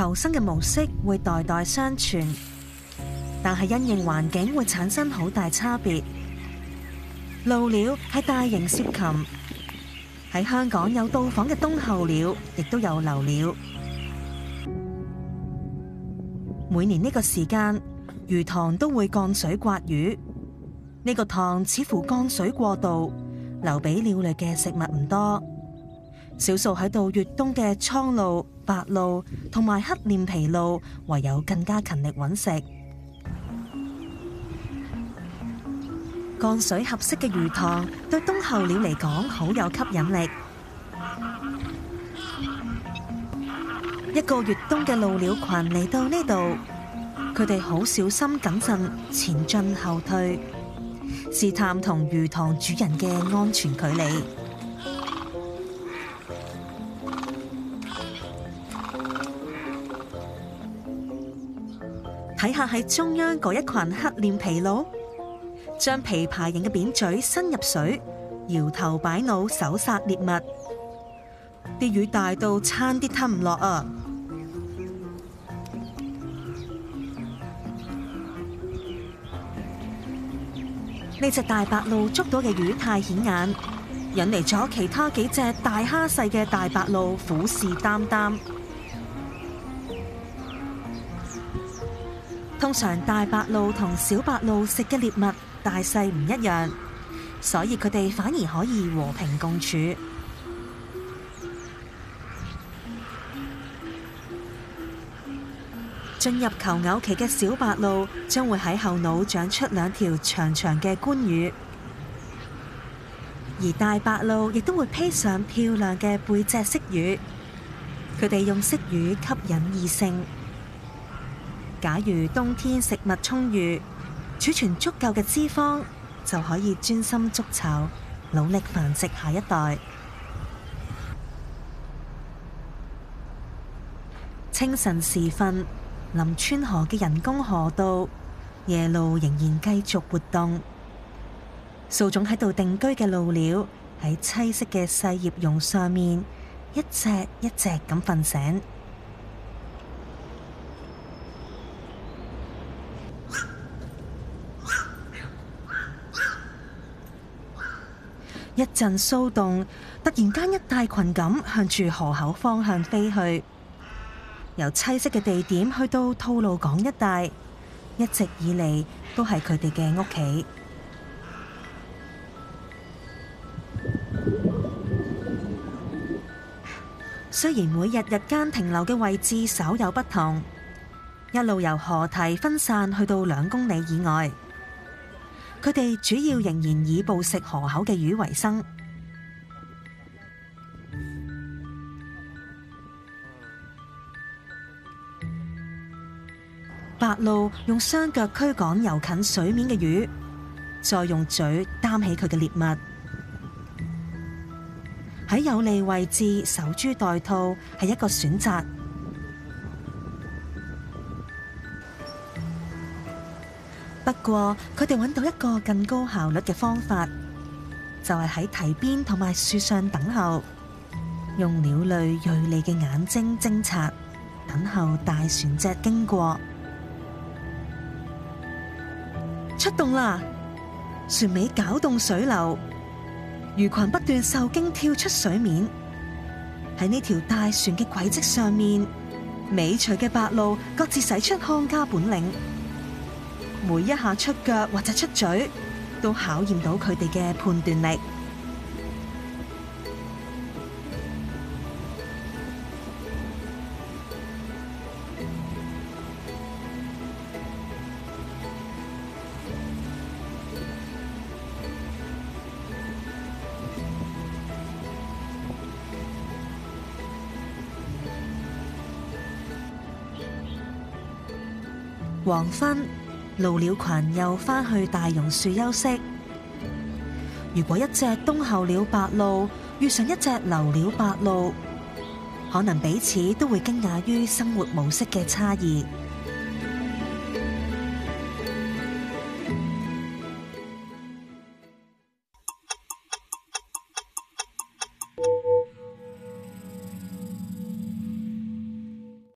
求生嘅模式會代代相傳，但係因應環境會產生好大差別。鷺鳥係大型涉禽，喺香港有到訪嘅冬候鳥，亦都有留鳥。每年呢個時間，魚塘都會降水刮魚。呢、這個塘似乎降水過度，留畀鳥類嘅食物唔多。少數喺度越冬嘅蒼鷺、白鷺同埋黑臉琵鷺，唯有更加勤力揾食。降水合適嘅魚塘對冬候鳥嚟講好有吸引力。一個越冬嘅鷺鳥羣嚟到呢度，佢哋好小心謹慎前進後退，試探同魚塘主人嘅安全距離。睇下喺中央嗰一群黑臉琵鷺，將琵琶形嘅扁嘴伸入水，搖頭擺腦，手殺獵物。啲魚大到差啲吞唔落啊！呢隻 大白鷺捉到嘅魚太顯眼，引嚟咗其他幾隻大蝦細嘅大白鷺虎視眈眈。通常大白鷺同小白鷺食嘅獵物大細唔一樣，所以佢哋反而可以和平共處。進入求偶期嘅小白鷺將會喺後腦長出兩條長長嘅冠羽，而大白鷺亦都會披上漂亮嘅背脊色羽。佢哋用色羽吸引異性。假如冬天食物充裕，儲存足夠嘅脂肪，就可以專心築巢，努力繁殖下一代。 清晨時分，林村河嘅人工河道，夜鷺仍然繼續活動。數種喺度定居嘅鷺鳥喺棲息嘅細葉榕上面，一隻一隻咁瞓醒。一陣騷動，突然間一大群咁向住河口方向飛去，由棲息嘅地點去到吐露港一帶，一直以嚟都係佢哋嘅屋企。雖然每日日間停留嘅位置稍有不同，一路由河堤分散去到兩公里以外。佢哋主要仍然以捕食河口嘅魚為生。白鷺用雙腳驅趕游近水面嘅魚，再用嘴擔起佢嘅獵物。喺有利位置守株待兔係一個選擇。不過佢哋揾到一個更高效率嘅方法，就係喺堤邊同埋樹上等候，用鳥類銳利嘅眼睛偵察，等候大船隻經過。出動啦！船尾攪動水流，魚群不斷受驚跳出水面。喺呢條大船嘅軌跡上面，尾隨嘅白鷺各自使出看家本領。每一下出腳或者出嘴，都考驗到佢哋嘅判斷力。黃昏。鷺鳥群又返去大榕樹休息。如果一隻冬候鳥白鷺遇上一隻留鳥白鷺，可能彼此都會驚訝於生活模式嘅差異。